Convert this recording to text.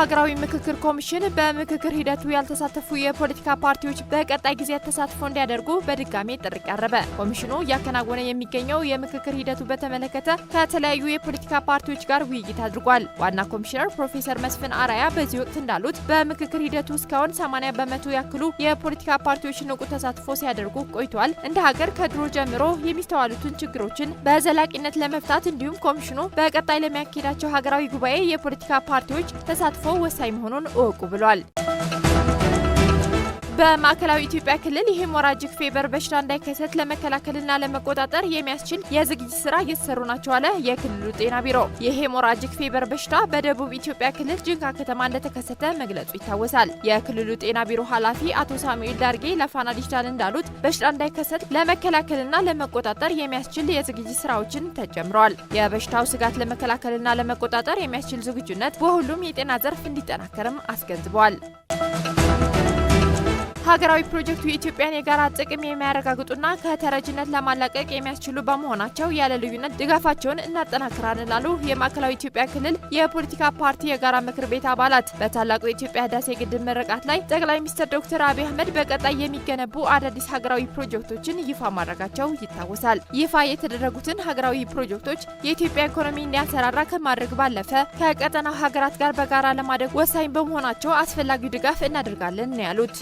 ሀገራዊ ምክክር ኮሚሽን በምክክር ሂደቱ ያልተሳተፉ የፖለቲካ ፓርቲዎች በቀጣይ ጊዜያት ተሳትፎ እንዲያደርጉ በድጋሜ ጥሪ ቀረበ። ኮሚሽኑ እያከናወነ የሚገኘው የምክክር ሂደቱ በተመለከተ ከተለያዩ የፖለቲካ ፓርቲዎች ጋር ውይይት አድርጓል። ዋና ኮሚሽነር ፕሮፌሰር መስፍን አራያ በዚህ ወቅት እንዳሉት በምክክር ሂደቱ እስካሁን 80 በመቶ ያክሉ የፖለቲካ ፓርቲዎች ንቁ ተሳትፎ ሲያደርጉ ቆይቷል። እንደ ሀገር ከድሮ ጀምሮ የሚስተዋሉትን ችግሮችን በዘላቂነት ለመፍታት እንዲሁም ኮሚሽኑ በቀጣይ ለሚያካሄዳቸው ሀገራዊ ጉባኤ የፖለቲካ ፓርቲዎች ተሳትፎ ወሳኝ መሆኑን እወቁ ብሏል። በማዕከላዊ ኢትዮጵያ ክልል የሄሞራጂክ ፌበር በሽታ እንዳይከሰት ለመከላከልና ለመቆጣጠር የሚያስችል የዝግጅት ስራ እየተሰሩ ናቸው አለ የክልሉ ጤና ቢሮ። የሄሞራጂክ ፌበር በሽታ በደቡብ ኢትዮጵያ ክልል ጅንካ ከተማ እንደተከሰተ መግለጹ ይታወሳል። የክልሉ ጤና ቢሮ ኃላፊ አቶ ሳሙኤል ዳርጌ ለፋና ዲጂታል እንዳሉት በሽታ እንዳይከሰት ለመከላከልና ለመቆጣጠር የሚያስችል የዝግጅት ስራዎችን ተጀምረዋል። የበሽታው ስጋት ለመከላከልና ለመቆጣጠር የሚያስችል ዝግጁነት በሁሉም የጤና ዘርፍ እንዲጠናከርም አስገንዝበዋል። ሀገራዊ ፕሮጀክቱ የኢትዮጵያን የጋራ ጥቅም የሚያረጋግጡና ከተረጅነት ለማላቀቅ የሚያስችሉ በመሆናቸው ያለ ልዩነት ድጋፋቸውን እናጠናክራለን ላሉ የማዕከላዊ ኢትዮጵያ ክልል የፖለቲካ ፓርቲ የጋራ ምክር ቤት አባላት በታላቁ የኢትዮጵያ ህዳሴ ግድብ ምረቃት ላይ ጠቅላይ ሚኒስትር ዶክተር አብይ አህመድ በቀጣይ የሚገነቡ አዳዲስ ሀገራዊ ፕሮጀክቶችን ይፋ ማድረጋቸው ይታወሳል። ይፋ የተደረጉትን ሀገራዊ ፕሮጀክቶች የኢትዮጵያ ኢኮኖሚ እንዲያሰራራ ከማድረግ ባለፈ ከቀጠናው ሀገራት ጋር በጋራ ለማደግ ወሳኝ በመሆናቸው አስፈላጊው ድጋፍ እናደርጋለን ነው ያሉት።